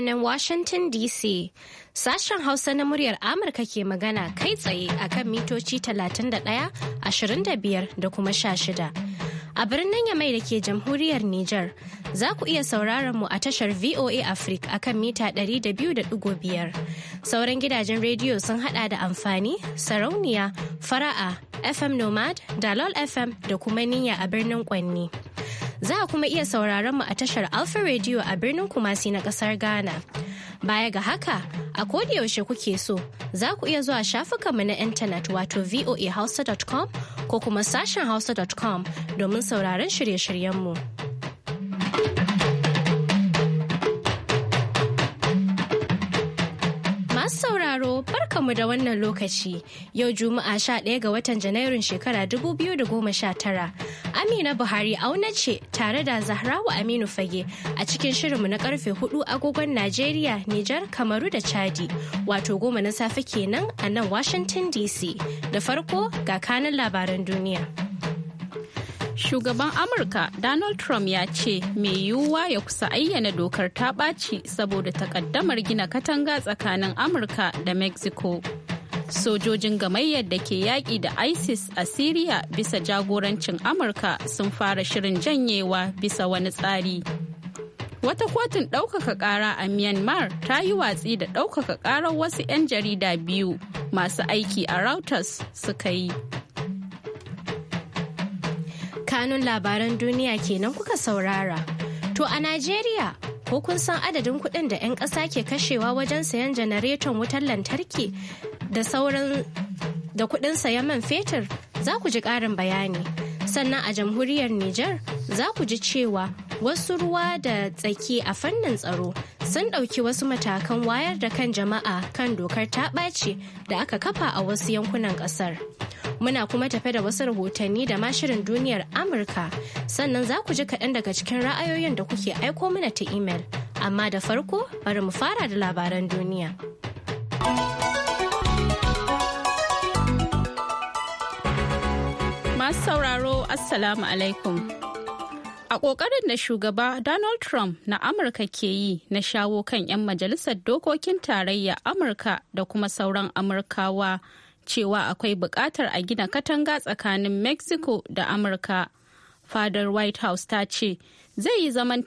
birnin Washington DC. Sashen Hausa na muryar Amurka ke magana kai tsaye a kan mitoci 31, 25 da kuma 16. A birnin Yamai da ke jamhuriyar Nijar, za ku iya sauraron mu a tashar VOA Africa a kan mita 200.5. Sauran gidajen rediyo sun hada da amfani, sarauniya, fara'a, FM Nomad, Dalol FM da kuma niyya a birnin Kwanni. Za a kuma iya sauraron mu a tashar Alpha Radio a birnin Kumasi na kasar Ghana. Baya ga haka, a yaushe kuke so, za ku iya zuwa shafukanmu na intanet wato voahausa.com ko kuma sashen hausa.com domin sauraron shirye-shiryenmu. mu. Masu sauraro barkamu da wannan lokaci yau Juma'a sha ɗaya ga watan Janairun shekara 2019. Amina Buhari auna ce tare da Zahrawa Aminu Fage a cikin shirinmu na karfe 4 agogon Najeriya, Nijar, Kamaru da Chadi. Wato goma na safe kenan a nan Washington DC. Da farko ga kanan labaran duniya. Shugaban Amurka Donald Trump ya ce mai yiwuwa ya kusa ayyana dokar ta ɓaci saboda takaddamar gina katanga tsakanin Amurka da Mexico. Sojojin gamayyar da ke yaƙi da ISIS a Syria bisa jagorancin Amurka sun fara shirin janyewa bisa wani tsari. wata kotun ɗaukaka ƙara a myanmar ta yi watsi da ɗaukaka ƙarar wasu 'yan jarida biyu masu aiki a reuters suka yi tsakanin labaran duniya kenan kuka saurara. To a Najeriya, ko kun san adadin kuɗin da 'yan ƙasa ke kashewa wajen sayan janareton wutar lantarki da sauran da kuɗin sayan man fetur za ku ji ƙarin bayani. Sannan a jamhuriyar Nijar za ku ji cewa wasu ruwa da tsaki a fannin tsaro sun ɗauki wasu matakan wayar da kan jama'a kan dokar ta ɓaci da aka kafa a wasu yankunan ƙasar. Muna kuma tafe da wasu rahotanni da mashirin duniyar Amurka. Sannan za ku ji kaɗan daga cikin ra'ayoyin da kuke aiko mana ta imel. Amma da farko bari mu fara da labaran duniya. Masu sauraro, Assalamu alaikum. A ƙoƙarin da shugaba Donald Trump na Amurka ke yi na shawo kan 'yan majalisar dokokin tarayya Amurka da kuma sauran Amurkawa cewa akwai buƙatar a gina katanga tsakanin mexico da amurka fadar white house ta ce zai yi zaman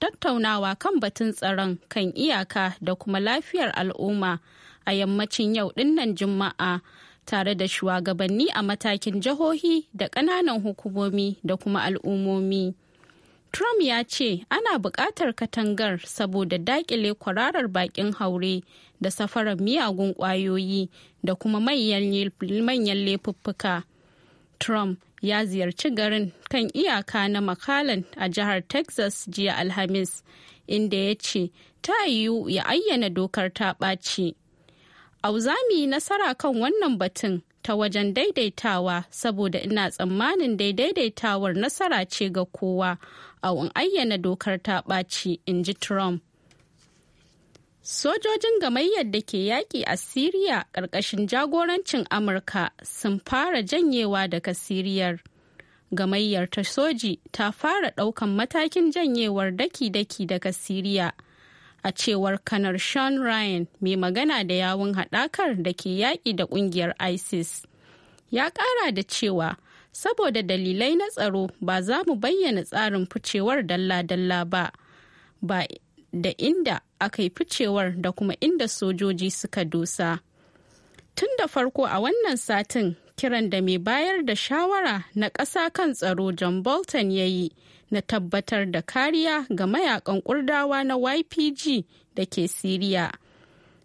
tattaunawa kan batun tsaron kan iyaka da kuma lafiyar al'umma a yammacin yau dinnan juma'a tare da shugabanni a matakin jihohi da ƙananan hukumomi da kuma al'ummomi. Trump ya ce ana buƙatar katangar saboda daƙile kwararar baƙin haure da safarar miyagun ƙwayoyi da kuma manyan laifuffuka. Trump ya ziyarci garin kan iyaka na makalan a jihar Texas jiya Alhamis, inda ya ce ta yiwu ya ayyana dokar ta ɓaci. Auzami nasara kan wannan batun ta wajen daidaitawa saboda ina tsammanin daidaitawar nasara ce ga kowa a ayyana dokar ta ɓaci, in ji Trump. Sojojin gamayyar da ke yaƙi a Siriya ƙarƙashin jagorancin Amurka sun fara janyewa daga Siriyar. Gamayyar ta soji ta fara ɗaukan matakin janyewar daki-daki daga Siriya. A cewar kanar Sean Ryan mai magana da yawun haɗakar da ke yaƙi da ƙungiyar ISIS. Ya ƙara da cewa, saboda dalilai na tsaro ba za mu bayyana tsarin ficewar dalla-dalla ba. ba da inda aka yi ficewar da kuma inda sojoji suka dosa. Tun da farko a wannan satin kiran da mai bayar da shawara na ƙasa kan tsaro John Bolton ya yi na tabbatar da kariya ga mayakan ƙurdawa na YPG da ke Siriya.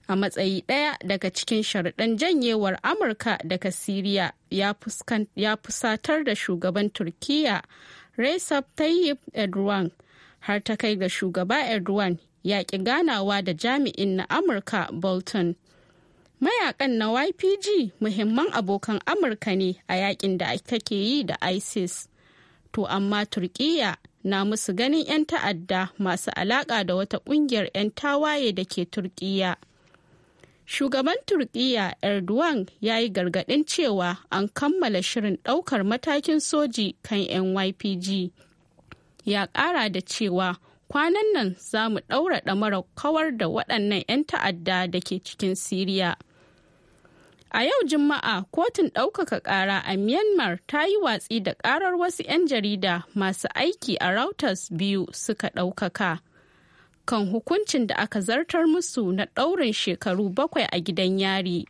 A matsayi ɗaya daga cikin sharaɗan janyewar Amurka daga Siriya ya fusatar da shugaban Turkiyya Recep Tayyip Erdogan. har ta kai ga shugaba Erdogan ya ki ganawa da jami'in na Amurka Bolton. Mayakan na YPG muhimman abokan Amurka ne a yakin da take yi da ISIS. To amma Turkiyya na musu ganin 'yan ta'adda masu alaƙa da wata ƙungiyar 'yan tawaye da ke Turkiyya. Shugaban Turkiyya Erdogan ya yi gargaɗin cewa an kammala shirin ɗaukar matakin soji kan NYPG ya ƙara da cewa kwanan nan za mu ɗaura ɗamarar kawar da waɗannan 'yan ta'adda da ke cikin siriya a yau juma'a kotun ɗaukaka ƙara a myanmar ta yi watsi da ƙarar wasu 'yan jarida masu aiki a reuters biyu suka ɗaukaka kan hukuncin da aka zartar musu na ɗaurin shekaru bakwai a gidan yari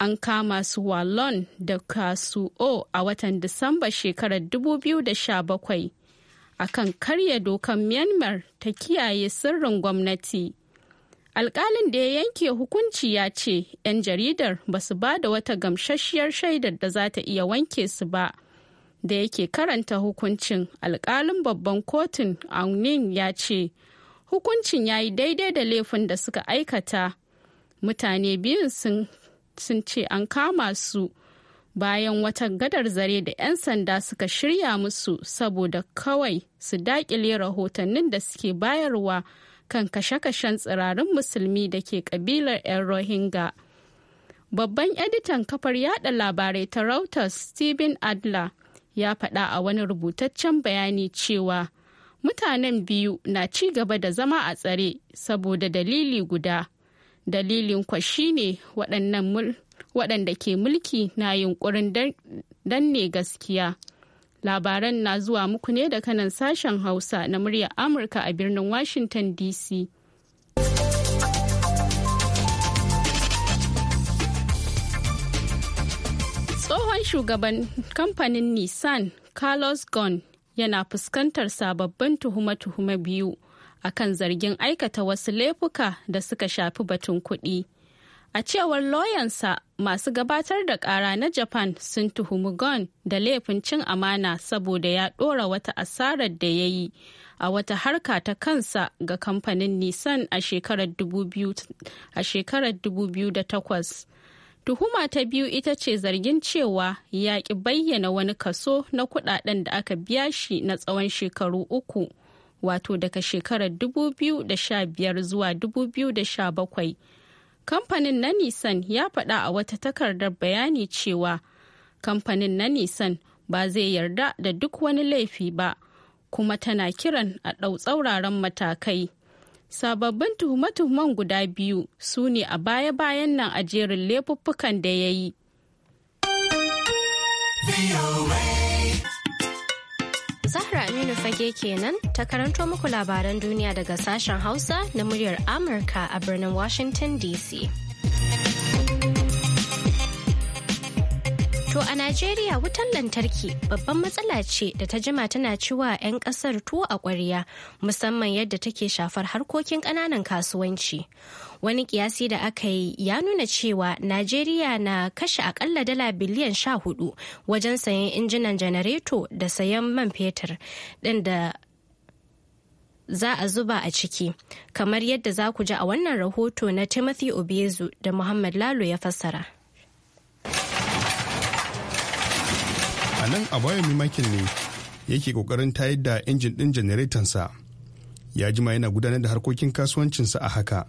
an kama su wallon da kasu'o a watan disamba shekarar 2017 akan karya dokan myanmar ta kiyaye sirrin gwamnati alkalin da ya yanke hukunci ya ce 'yan jaridar ba su ba da wata gamsasshiyar shaidar da za ta iya wanke su ba da yake karanta hukuncin alkalin babban kotun aunin ya ce hukuncin ya yi daidai da laifin da suka aikata mutane biyun sun ce an kama su bayan wata gadar zare da 'yan sanda suka shirya musu saboda kawai su daƙile rahotannin da suke bayarwa kan kashe-kashen tsirarin musulmi da ke kabilar 'yan rohingya babban editan kafar yada labarai ta reuters steven adler ya faɗa a wani rubutaccen bayani cewa mutanen biyu na ci gaba da zama a tsare saboda dalili guda dalilin kwa shine waɗannan waɗanda ke mulki na yunkurin danne gaskiya labaran na zuwa muku ne da kanan sashen hausa na muryar amurka a birnin washington dc tsohon shugaban kamfanin nissan carlos ghosn yana fuskantar sababbin tuhume-tuhume biyu akan zargin aikata wasu laifuka da suka shafi batun kuɗi a cewar loyansa masu gabatar da kara na japan sun tuhumi gon da laifin cin amana saboda ya dora wata asarar da ya yi a wata harka ta kansa ga kamfanin nissan a shekarar 2008 tuhuma ta biyu ita ce zargin cewa ya ki bayyana wani kaso na kudaden da aka biya shi na tsawon shekaru uku wato daga shekarar 2015 zuwa 2017 kamfanin na nisan ya faɗa a wata takardar bayani cewa kamfanin na nisan ba zai yarda da duk wani laifi ba kuma tana kiran a ɗau tsauraran matakai sababbin tuhume-tuhumen guda biyu su ne a baya-bayan nan a jerin laifuffukan da ya yi. Fage kenan ta karanto muku labaran duniya daga sashen Hausa na muryar Amurka a birnin Washington DC. To a Najeriya wutar lantarki babban matsala ce da ta jima tana ciwa 'yan kasar tuwo a ƙwarya musamman yadda take shafar harkokin ƙananan kasuwanci. Wani kiyasi da aka yi ya nuna cewa Najeriya na kashe akalla dala biliyan sha hudu wajen sayan injinan janareto da sayan man fetur ɗin da za a zuba a ciki kamar yadda za ku ji a wannan rahoto na Timothy Obezu da Muhammad Lalo ya fassara. a nan a bayan mimakin ne yake kokarin tayar da injin ɗin sa ya jima yana gudanar da harkokin kasuwancinsa a haka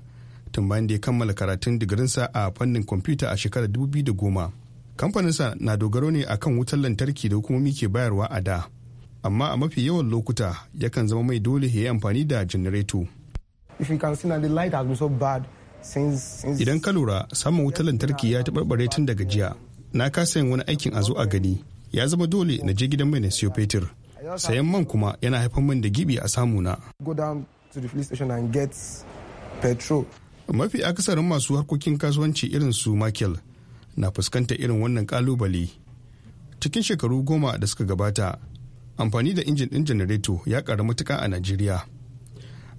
tun bayan da ya kammala karatun digirin sa a fannin kwamfuta a shekarar kamfanin sa na dogaro ne akan wutar lantarki da hukumomi ke bayarwa a da amma a mafi yawan lokuta yakan zama mai dole ya yi amfani da janareto idan ka lura samun wutar lantarki ya taɓarɓare tun daga jiya na kasa yin wani aikin a zo a gani ya zama dole na je gidan mai na siyo fetur sayan man kuma yana haifar min da gibi a samu na. mafi akasarin masu harkokin kasuwanci irin su michael na fuskantar irin wannan kalubale cikin shekaru goma da suka gabata amfani da injin ɗin janareto ya ƙara matuka a najeriya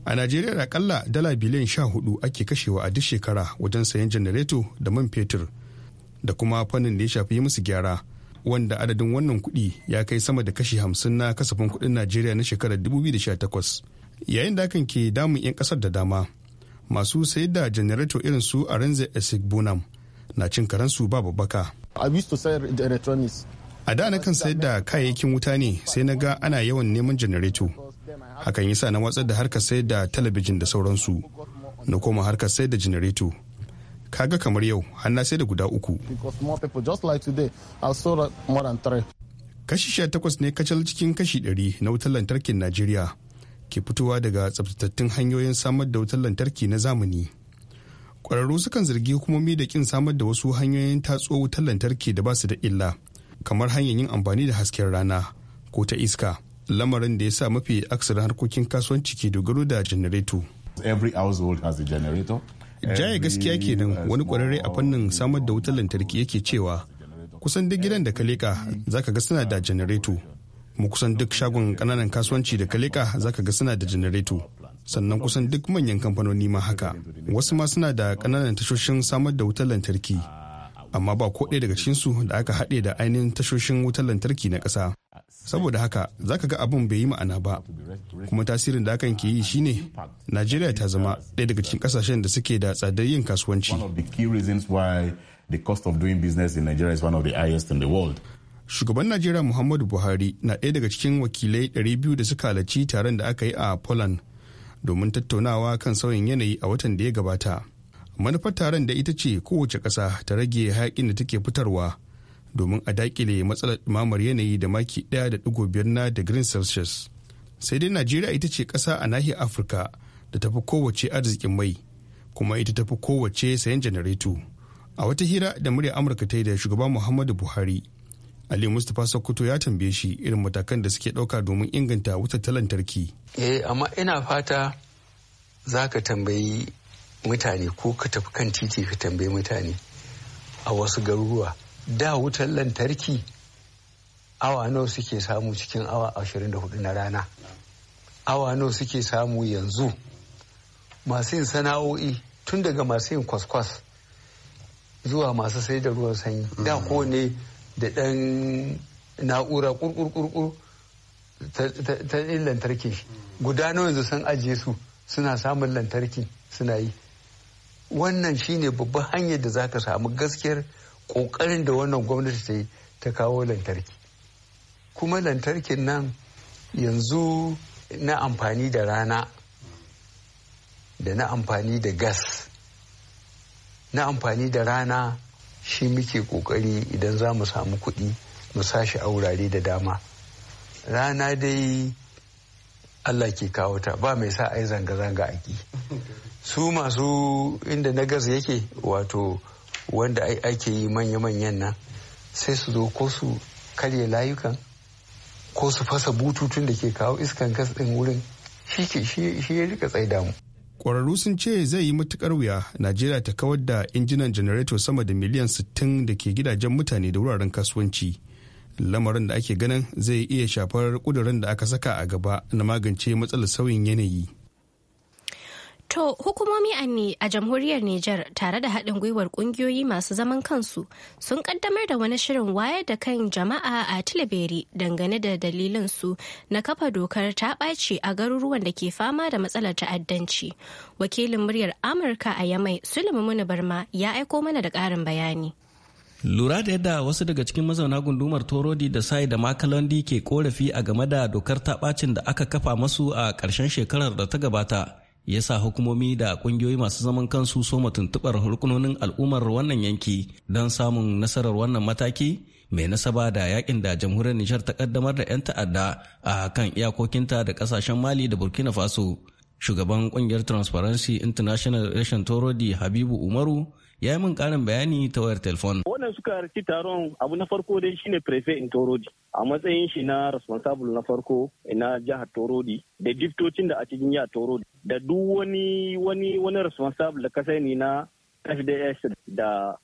a najeriya da akalla dala biliyan sha hudu ake kashewa a duk shekara wajen sayan janareto da man fetur da kuma fannin da ya shafi musu gyara wanda adadin wannan kuɗi ya kai sama da kashi hamsin na kasafin kuɗin najeriya na shekarar 2018 yayin da hakan ke damun 'yan ƙasar da dama masu sayar da janareto irin su a ranzar bunam na cin karansu ba babbaka a da na kan sayar da kayayyakin wuta ne sai na ga ana yawan neman janareto hakan yasa na watsar da harkar sayar da talabijin da sauransu na koma harkar sayar da janareto kaga kamar yau hanna sai da guda uku kashi takwas ne kacal cikin kashi ɗari na wutar lantarkin najeriya ke fitowa daga tsabtattun hanyoyin samar da wutar lantarki na zamani ƙwararru sukan zargi hukumomi da kin samar da wasu hanyoyin tatso wutar lantarki da ba su da illa kamar hanyar yin amfani da hasken rana ko ta iska lamarin da ya sa mafi aksarin harkokin kasuwanci ke dogaro da janareto Jaya gaskiya kenan wani kwararre a fannin samar da wutar lantarki yake cewa kusan duk gidan da ka leka zaka ga suna da janareto. Mu kusan duk shagon kananan kasuwanci da ka leka zaka ga suna da janareto. Sannan kusan duk manyan kamfanoni ma haka. Wasu ma suna da kananan tashoshin samar da wutar lantarki. amma ba ko ɗaya daga cikinsu da aka haɗe da ainihin tashoshin wutar lantarki na ƙasa saboda haka za ka ga abin bai yi ma'ana ba kuma tasirin da hakan ke yi shine najeriya ta zama ɗaya daga cikin ƙasashen da suke da tsadar yin kasuwanci shugaban najeriya muhammadu buhari na ɗaya daga cikin wakilai 200 da suka halarci taron da aka yi a poland domin tattaunawa kan sauyin yanayi a watan da ya gabata manufar taron da ita ce kowace ƙasa ta rage hayakin da take fitarwa domin a dakile matsalar ɗumamar yanayi da maki ɗaya da ɗigo biyar na digirin celsius sai dai najeriya ita ce ƙasa a nahiyar afirka da tafi kowace arzikin mai kuma ita tafi kowace sayan janareto a wata hira da murya amurka ta yi da shugaban muhammadu buhari ali mustapha sokoto ya tambaye shi irin matakan da suke ɗauka domin inganta wutar lantarki eh amma ina fata za ka tambayi mutane ko ka tafi kan titi ka tambayi mutane a wasu garuruwa da wutar lantarki awa nawa suke samu cikin awa 24 na rana awa nawa suke samu yanzu masu yin sana'o'i tun daga masu yin kwaskwas zuwa masu sai da ruwan sanyi da mm. kone da ɗan na'ura kurkurkurkur ta yin lantarki mm. guda nawa yanzu sun ajiye su suna samun lantarki suna yi wannan shine babban hanyar da za ka samu gaskiyar kokarin da wannan gwamnati ta yi ta kawo lantarki kuma lantarkin nan yanzu na amfani da rana da na amfani da gas na amfani da rana shi muke kokari idan za mu samu kuɗi mu sashi a wurare da dama rana dai allah ke kawo ta ba mai sa ai zanga-zanga a aki su masu inda nagas yake wato wanda ake yi manya-manyan nan sai su zo ko su karya layukan ko su fasa bututun da ke kawo iskan gas ɗin wurin shi ke shi ya rika tsaida mu. Ƙwararru sun ce zai yi matukar wuya Najeriya ta kawar da injinan janareto sama da miliyan 60 da ke gidajen mutane da wuraren kasuwanci. Lamarin da ake ganin zai iya shafar kuduran da aka saka a gaba na magance matsalar sauyin yanayi. To hukumomi a jamhuriyar Nijar tare da haɗin gwiwar ƙungiyoyi masu zaman kansu sun ƙaddamar da wani shirin wayar da kan jama'a a tilibiri dangane da dalilin su na kafa dokar ta ɓaci a garuruwan da ke fama da matsalar ta'addanci. Wakilin muryar Amurka a Yamai Sulaimu Barma ya aiko mana da ƙarin bayani. Lura da yadda wasu daga cikin mazauna gundumar Torodi da Sai da Makalandi ke korafi a game da dokar ta ɓacin da aka kafa masu a ƙarshen shekarar da ta gabata. ya sa hukumomi da kungiyoyi masu zaman kansu soma tuntubar rukunonin al'ummar wannan yanki don samun nasarar wannan mataki mai nasaba da yakin da jamhuriyar nishar ta kaddamar da 'yan ta'adda a kan iyakokinta da kasashen mali da burkina faso shugaban kungiyar transparency international rashin torodi habibu umaru ya yi min karin bayani ta wayar telefon. Wannan suka harci taron abu na farko dai shine prefe in Torodi a matsayin shi na responsible na farko eh, na jihar Torodi da diftocin da a cikin jihar Torodi da duk wani wani wani responsible da ka sani na FDS da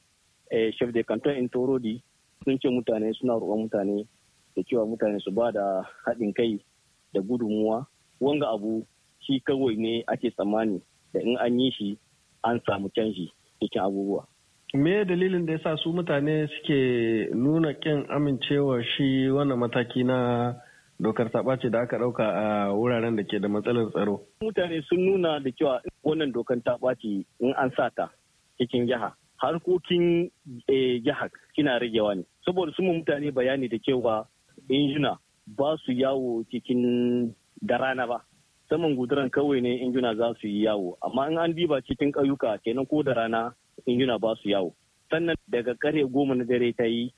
eh, chef de canton in Torodi sun ce mutane suna roƙon mutane da cewa mutane su ba da haɗin kai da gudunmuwa wanga abu shi kawai ne ake tsammani da in an yi shi an samu canji. yake abubuwa. Me dalilin da ya sa su mutane suke nuna kin amincewa shi wannan mataki na dokar taɓace da aka ɗauka a wuraren da ke da matsalar tsaro? Mutane sun nuna da cewa wannan dokar taɓace in an sa ta cikin jiha. Harkokin eh, jiha kina ragewa ne. Saboda sun mutane bayani da cewa injina ba su yawo cikin da rana ba. saman guduran kawai ne injuna za su yi yawo amma in an diba cikin ƙauyuka kenan ko da rana injuna ba su yawo sannan daga kare goma na dare ta yi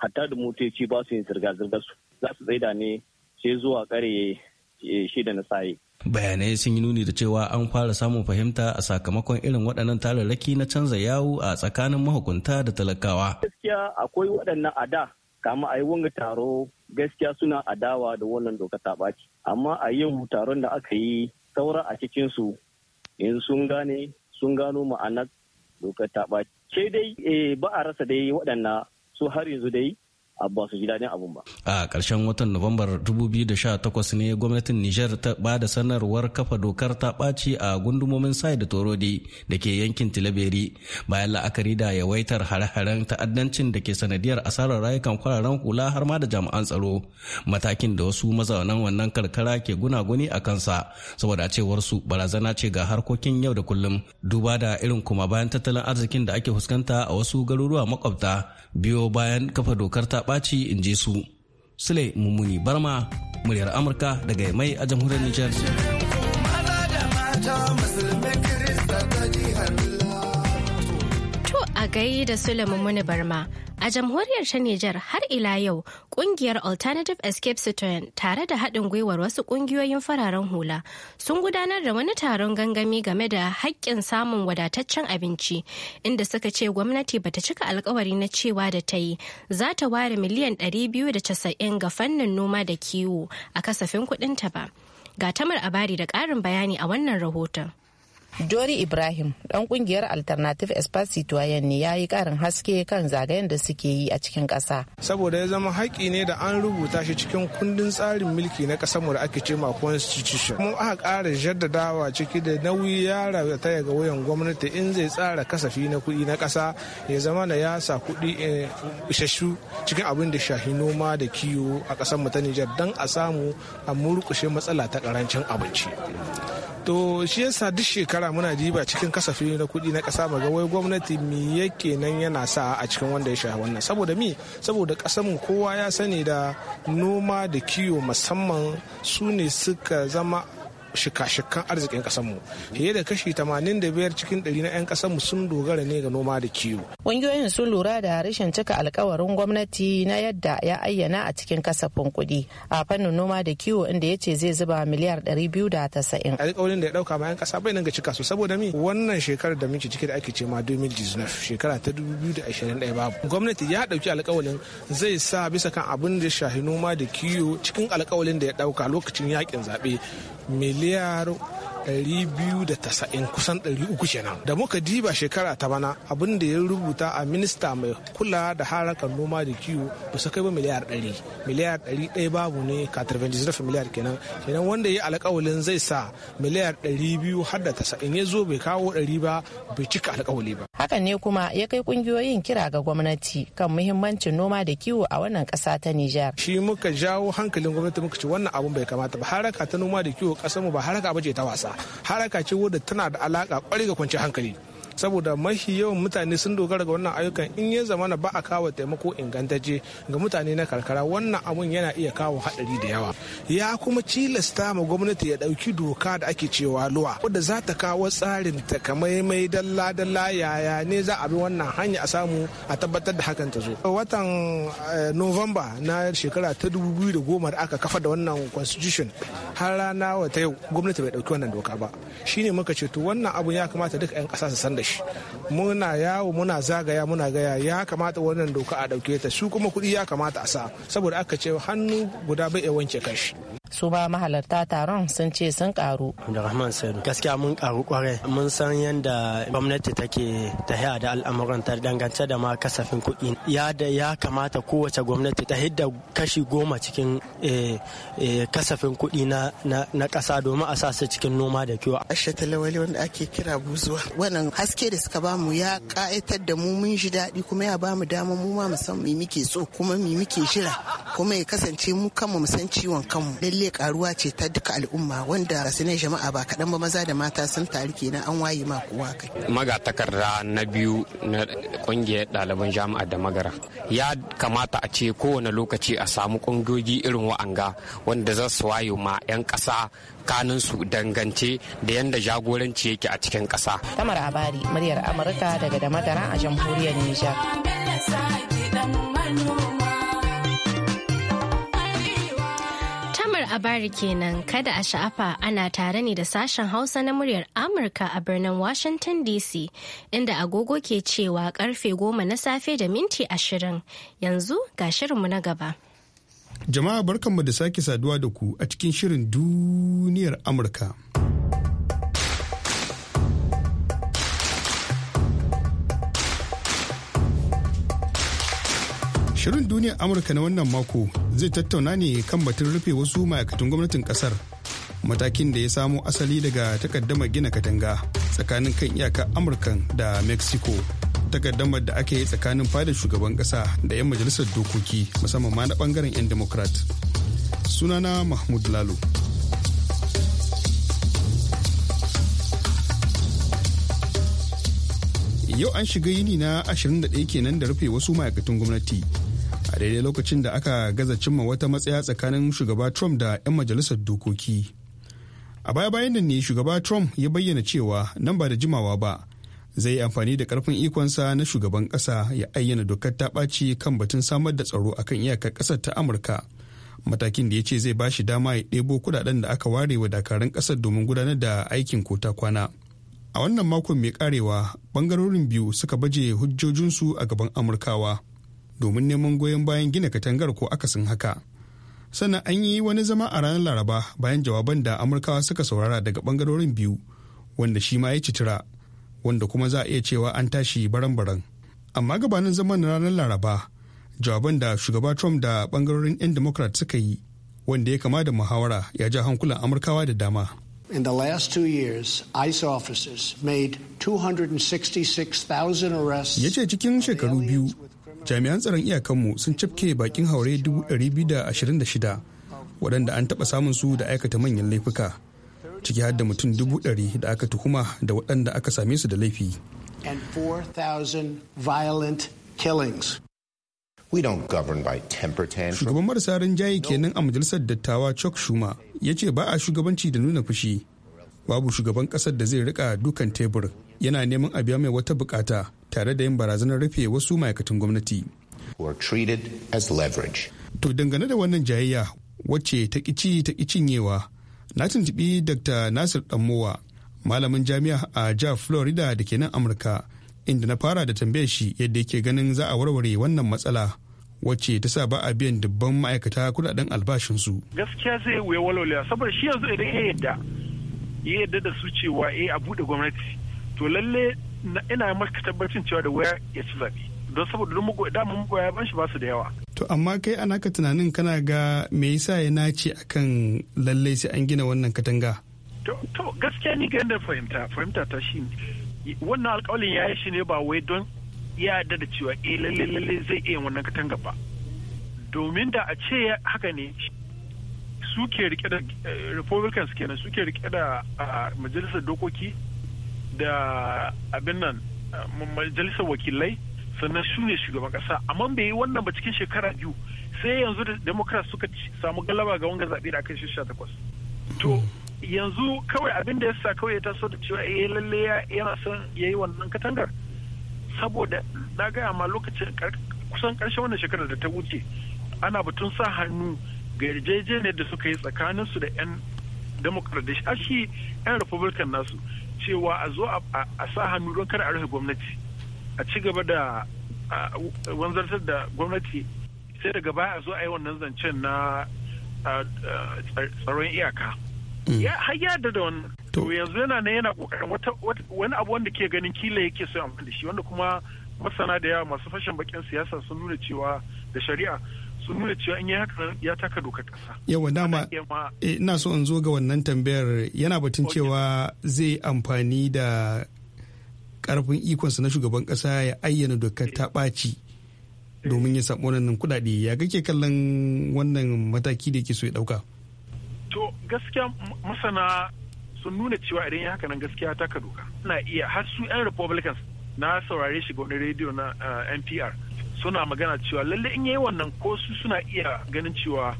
hatta da motoci ba su yin zirga-zirga su za su tsaida ne sai zuwa kare eh, shida na saye. bayanai sun yi nuni da cewa an fara samun fahimta a sakamakon irin waɗannan tararraki na canza yawo a tsakanin mahukunta da talakawa. gaskiya akwai waɗannan a da kama a yi wanga taro gaskiya suna adawa da wannan doka ta ɓaci amma a yau taron da aka yi saura a cikin su yanzu sun gane sun gano ma'anar doka ta ɓaci sai dai eh, ba a rasa dai waɗanna su har yanzu dai ba su ji daɗin abun ba. A ƙarshen watan Nuwambar 2018 ne gwamnatin Nijar ta ba da sanarwar kafa dokar ta ɓaci a gundumomin Sai da Torodi da ke yankin Tilaberi bayan la'akari da yawaitar hare-haren ta'addancin da ke sanadiyar asarar rayukan kwararen hula har ma da jami'an tsaro. Matakin da wasu mazaunan wannan karkara ke gunaguni a kansa saboda cewar su barazana ce ga harkokin yau da kullum duba da irin kuma bayan tattalin arzikin da ake fuskanta a wasu garuruwa makwabta biyo bayan kafa dokar ta ɓaci in je su sule mummuni barma muryar amurka daga mai a jamhuriyar niger to a gai da sule mummuni barma A jamhuriyar ta Nijar har ila yau kungiyar Alternative Escape Citoyen tare da haɗin gwiwar wasu kungiyoyin fararen hula sun gudanar da wani taron gangami game da haƙƙin samun wadataccen abinci inda suka ce gwamnati bata cika alkawari na cewa da ta yi za ta ware miliyan 290 ga fannin noma da kiwo a kasafin kuɗinta ba. Ga tamar abari da ƙarin bayani a wannan rahoton. Dori Ibrahim ɗan kungiyar Alternative Espace Citoyen ne ya yi karin haske kan zagayen da suke yi a cikin ƙasa. Saboda ya zama haƙƙi ne da an rubuta shi cikin kundin tsarin mulki na ƙasar mu da ake ce ma constitution. Mun aka ƙara jaddadawa ciki da nauyi ya ta ga wayan gwamnati in zai tsara kasafi na kuɗi na ƙasa ya zama na ya sa kuɗi eh, isasshu cikin abin da shahi noma da kiwo a ƙasar mu ta Nijar dan a samu a murƙushe matsala ta ƙarancin abinci. To shi yasa duk shekara shekara muna jiba cikin kasafi na kuɗi na ƙasa ga wai gwamnati mi yake nan yana sa a cikin wanda ya sha wannan saboda mi saboda ƙasarmu kowa ya sani da noma da kiwo musamman su ne suka zama shika-shikan arzikin mu fiye da kashi 85 cikin 100 na 'yan mu sun dogara ne ga noma da kiwo ƙungiyoyin sun lura da rashin cika alkawarin gwamnati na yadda ya ayyana a cikin kasafin kuɗi a fannin noma da kiwo inda ya ce zai zuba miliyar 290 alkawarin da ya ɗauka ma 'yan kasa bai nan ga cika su saboda mi wannan shekarar da muke ciki da ake ce ma 2019 shekara ta 2021 babu gwamnati ya ɗauki alƙawarin zai sa bisa kan abin da ya shahi noma da kiwo cikin alƙawarin da ya ɗauka lokacin yakin zaɓe miliaro 290 kusan 300 kenan da muka diba shekara ta bana abin da ya rubuta a minista mai kula da harakan noma da kiwo ba su kai ba miliyar 100 miliyar 100 babu ne ka miliyar kenan kenan wanda ya alkawalin zai sa miliyar 200 har da 90 ya zo bai kawo 100 ba bai cika alkawali ba hakan ne kuma ya kai kungiyoyin kira ga gwamnati kan muhimmancin noma da kiwo a wannan kasa ta Nijar shi muka jawo hankalin gwamnati muka ce wannan abun bai kamata ba haraka ta noma da kiwo kasar mu ba haraka ba ce ta wasa haraka ce wadda tana da alaka kwarai ga kwanciyar hankali saboda mafi yawan mutane sun dogara ga wannan ayyukan in ya zama na ba a kawo taimako ingantacce ga mutane na karkara wannan abun yana iya kawo haɗari da yawa ya kuma cilasta ma gwamnati ya ɗauki doka da ake cewa luwa wadda za ta kawo tsarin takamaimai dalla dalla yaya ne za a bi wannan hanya a samu a tabbatar da hakan ta zo watan eh, nuwamba na shekara ta dubu biyu da goma da aka kafa da wannan constitution har rana wata yau gwamnati bai ɗauki wannan doka ba shine muka ce to wannan abu ya kamata duka 'yan ƙasa su san da shi muna yawo muna zagaya muna gaya ya kamata wannan doka a dauke ta su kuma kuɗi ya kamata a sa saboda aka ce hannu guda bai wanke kashi su ba mahalarta taron sun ce sun karu Rahman sadu gaskiya mun karu kwarai mun san yadda gwamnati take tahiya da al'amuran ta dangance da ma kasafin kuɗi ya da ya kamata kowace gwamnati ta hidda kashi goma cikin eh, eh, kasafin kuɗi na ƙasa domin a sa su cikin noma da kiwo ashe talawali wanda ake kira buzuwa wannan haske da suka bamu ya ƙa'atar da mu mun ji daɗi kuma ya bamu dama mu ma mu san me muke so kuma me muke jira kuma ya kasance mu kanmu mu san ciwon kanmu lalle iya karuwa ce ta duka al'umma wanda ne jama'a ba kaɗan ba maza da mata sun taru kenan an waye ma kowa kai. Magatakarda na biyu na ƙungiyar ɗaliban jami'a da magara ya kamata a ce kowane lokaci a samu ƙungiyoyi irin wa'anga wanda za su waye ma 'yan ƙasa su dangance da yadda jagoranci yake a cikin ƙasa. Tamar Abari, muryar Amurka daga da madara a jamhuriyar Nijar. labari kenan kada a sha'afa ana tare ne da sashen Hausa na muryar Amurka a birnin Washington DC inda agogo ke cewa karfe goma na safe da minti ashirin yanzu ga shirinmu na gaba. Jama'a barkanmu da sake saduwa da ku a cikin shirin duniyar Amurka. Shirin duniya Amurka na wannan mako zai tattauna ne kan batun rufe wasu ma'aikatan gwamnatin kasar matakin da ya samo asali daga takaddamar gina katanga tsakanin kan iyaka Amurka da Mexico. Takaddamar da aka yi tsakanin fadar shugaban kasa da 'yan majalisar dokoki musamman ma na bangaren 'yan Democrat. Sunana Mahmud Lalo. yau an shiga yini na 21 kenan da rufe wasu ma'aikatan gwamnati a daidai lokacin da aka gaza cimma wata matsaya tsakanin shugaba trump da 'yan majalisar dokoki a baya bayan nan ne shugaba trump ya bayyana cewa nan ba da jimawa ba zai yi amfani da karfin ikonsa na shugaban kasa ya ayyana dokar ta ɓaci kan batun samar da tsaro akan iyakar ƙasar ta amurka matakin da ya ce zai bashi dama ya ɗebo kudaden da aka ware wa dakarun ƙasar domin gudanar da aikin kota kwana a wannan makon mai karewa bangarorin biyu suka baje hujjojinsu a gaban amurkawa domin neman goyon bayan gina katangar ko akasin haka sannan an yi wani zama a ranar laraba bayan jawaban da amurkawa suka saurara daga bangarorin biyu wanda shi ma ya citira wanda kuma za a iya cewa an tashi baran-baran amma gabanin zaman ranar laraba jawaban da shugaba trump da bangarorin 'yan democrat suka yi wanda ya kama da muhawara ya ja hankulan amurkawa da dama In the last two years, ICE officers made 266,000 arrests. Ya ce cikin shekaru biyu, jami'an tsaron iyakanmu sun cafke bakin haure 226 waɗanda an taɓa samun su da aikata manyan laifuka ciki har da mutum 100 da aka tuhuma da waɗanda aka same su da laifi Shugaban marasa rinjaye kenan a majalisar dattawa Chuck Schumer ya ce ba a shugabanci da nuna fushi. Babu shugaban kasar da zai rika dukan tebur yana neman a biya mai wata bukata tare da yin barazanar rufe wasu ma'aikatan gwamnati. To dangane da wannan jayayya wacce ta kici ta cinyewa na tuntubi Dr. Nasir Ɗanmowa malamin jami'a a jihar Florida da ke nan Amurka inda na fara da tambayar shi yadda yake ganin za a warware wannan matsala. wacce ta sa ba a biyan dubban ma'aikata kudaden albashinsu. Gaskiya zai wuya walwala saboda shi yanzu idan ya yadda ya yadda da su cewa eh a buɗe gwamnati to lalle ina maka tabbacin cewa da waya ya ci zaɓe don saboda duk damun magoya ban shi ba su da yawa. To amma kai ana ka tunanin kana ga me yasa ya nace akan lallai sai an gina wannan katanga. To gaskiya ni ga yadda fahimta fahimta ta shi wannan alƙawalin ya yi shi ne ba wai don ya da da cewa eh lalle lalle zai iya wannan katanga ba. Domin da a ce haka ne suke rike da eh, Republicans kenan suke rike da ah, majalisar dokoki da abin nan majalisar wakilai sannan su ne shugaban kasa amma bai yi wannan ba cikin shekara biyu sai yanzu da democrats suka samu galaba ga wanga zaɓe da aka yi takwas to yanzu kawai abin da ya sa kawai ya taso da cewa eh lalle yana son ya yi wannan katangar saboda na gaya ma lokacin kusan karshen wannan shekarar da ta wuce ana batun sa hannu ga yarjejeniyar da suka yi tsakaninsu da 'yan democrats da shi 'yan republican nasu cewa a zo a sa hannu don kada a rufe gwamnati a ci gaba da wanzartar da gwamnati sai daga baya a zo a yi wannan zancen na tsaron iyaka mm. ya hayya da wannan to yanzu yana ne yana wani abu wanda ke ganin kila yake so amfani da shi wanda kuma masana da yawa masu fashin bakin siyasa sun nuna cewa da shari'a sun nuna cewa in yi haka ya taka dokar kasa. Yawa dama eh, ina so in zo ga wannan tambayar yana batun cewa zai amfani da karfin ikonsa na shugaban kasa ya ayyana dokar ta ɓaci domin ya samu wannan kuɗaɗe ya kake kallon wannan mataki da ke so ya ɗauka. To gaskiya masana sun nuna cewa idan ya haka nan gaskiya taka doka. Na iya har su 'yan Republicans na saurare shi ga wani rediyo na eh, NPR suna magana cewa lalle in yayi wannan ko su suna iya ganin cewa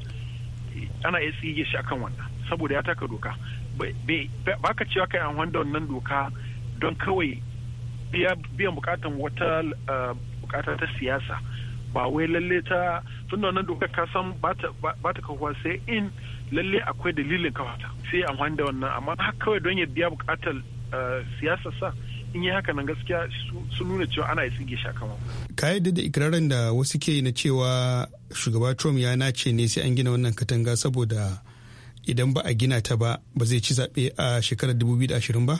ana iya tsige shi akan wannan saboda ya taka doka ba ka cewa kai an wanda wannan doka don kawai biyan bukatan wata eh, bukata ta siyasa ba wai lalle ta tun da wannan doka kasan ba ta kawo sai in lalle akwai dalilin kawata sai an wanda wannan amma haka kawai don ya biya bukatar eh, siyasa sa in yi haka nan gaskiya sun nuna cewa ana isin shi kama. ka da ikirarin da wasu ke na cewa shugaba trump ya nace ne sai an gina wannan katanga saboda idan ba a gina ta ba ba zai ci zaɓe a shekarar 2020 ba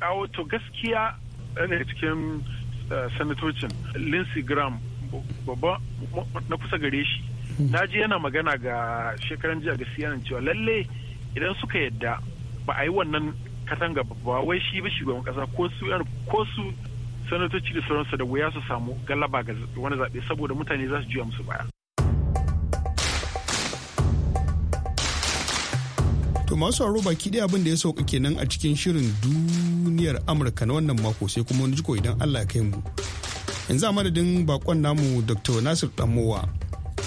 a wato gaskiya daga cikin eh, sanatocin lindsey graham babba na kusa gare shi hmm. na ji yana magana ga shekaran jiya ga CNN cewa lalle idan suka yadda ba a yi wannan katanga ba wai shi ba shugaban kasa ko su ko su sanatoci da sauransu da wuya su samu galaba ga wani zaɓe saboda mutane za su juya musu baya. To masu aro baki ɗaya abin da ya sauka kenan a cikin shirin duniyar Amurka na wannan mako sai kuma wani jiko idan Allah ya kai mu. Yanzu a madadin bakon namu Dr. Nasir Damowa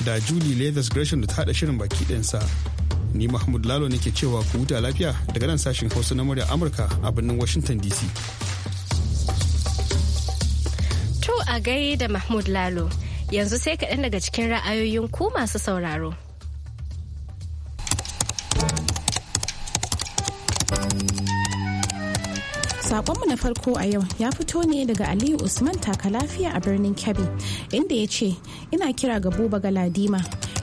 da Julie Leathers Gresham da ta haɗa shirin baki ɗansa. sa. Ni Mahmud Lalo nake cewa ku huta lafiya daga nan sashen Hausa na murya Amurka a birnin Washington DC. To a gai da Mahmud Lalo yanzu sai kaɗan daga cikin ra'ayoyin ku masu sauraro. sakonmu na farko a yau ya fito ne daga aliyu usman taka lafiya a birnin kebbi inda ya ce ina kira ga buba galadima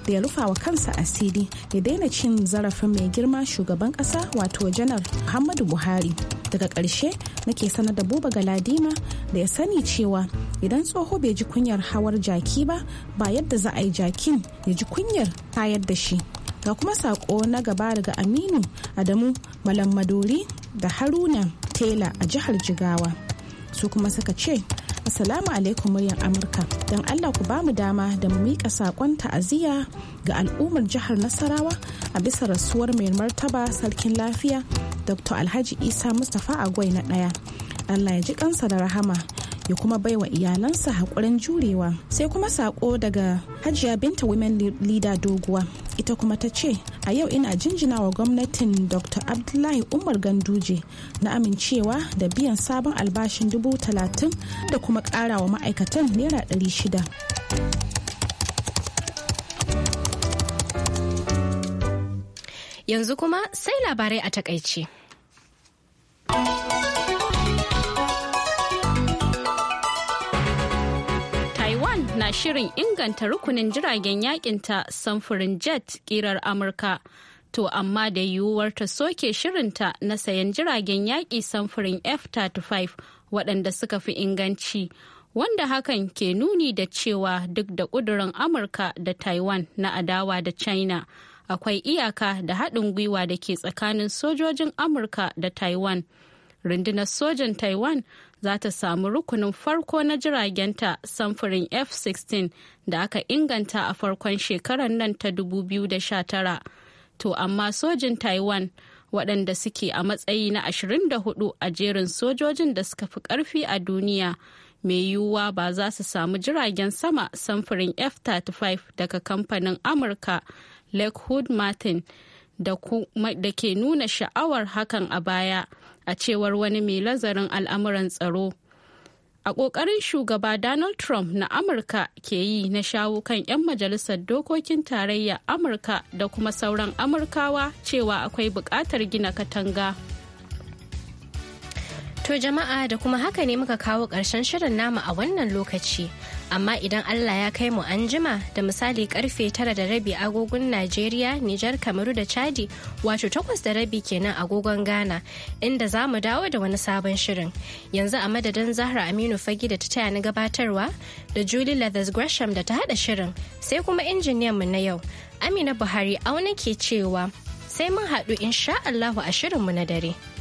da ya rufa wa kansa asiri ya daina cin zarafin mai girma shugaban kasa wato janar muhammadu buhari daga ƙarshe nake sanar da buba galadima da ya sani cewa idan tsoho bai ji kunyar hawar jaki ba ba yadda za a yi jakin ya ji kunyar tayar da shi ga kuma sako na gaba daga aminu adamu malam madori da haruna tela a jihar jigawa su kuma suka ce Assalamu alaikum muryar Amurka. Don Allah ku bamu dama da mu miƙa saƙon ta'aziyya ga al'ummar jihar Nasarawa a bisa rasuwar mai martaba sarkin lafiya Dr. Alhaji Isa Mustapha Agwai na ɗaya. Allah ya ji kansa da rahama ya kuma baiwa iyalansa haƙurin jurewa sai kuma saƙo daga hajiya binta women leader doguwa ita kuma ta ce a yau ina jinjina wa gwamnatin dr abdullahi umar ganduje na amincewa da biyan sabon albashin dubu talatin da kuma ƙara wa ma'aikatan naira ɗari shida yanzu kuma sai labarai a takaice. shirin inganta rukunin jiragen ta samfurin jet kirar Amurka. To amma da yiwuwar ta soke shirinta na sayan jiragen yaƙi samfurin F-35 waɗanda suka fi inganci. Wanda hakan ke nuni da cewa duk da ƙudurin Amurka da Taiwan na adawa da China, akwai iyaka da haɗin gwiwa da ke tsakanin sojojin Amurka da Taiwan. rundunar sojan taiwan za ta samu rukunin farko na jiragenta samfurin f-16 da aka inganta a farkon shekarar nan ta 2019 to amma sojin taiwan waɗanda suke a matsayi na 24 a jerin sojojin da suka fi ƙarfi a duniya mai yiwuwa ba za su samu jiragen sama samfurin f-35 daga kamfanin amurka lakewood martin da ke nuna sha'awar hakan a baya a cewar wani mai lazarin al'amuran tsaro. A ƙoƙarin shugaba Donald Trump na Amurka ke yi na shawo kan 'yan majalisar dokokin tarayya Amurka da kuma sauran Amurkawa cewa akwai buƙatar gina katanga. To jama'a da kuma haka ne muka kawo ƙarshen shirin nama a wannan lokaci. amma idan Allah ya kai mu anjima da misali karfe tara da rabi agogon Najeriya, Nijar, Kamaru da Chadi wato takwas da rabi kenan agogon Ghana inda za mu dawo da wani sabon shirin. Yanzu a madadin Zahra Aminu Fagi da ta taya na gabatarwa da Julie Leathers Gresham da ta haɗa shirin sai kuma injiniyan mu na yau. Amina Buhari auna ke cewa sai mun haɗu insha Allahu a shirinmu na dare.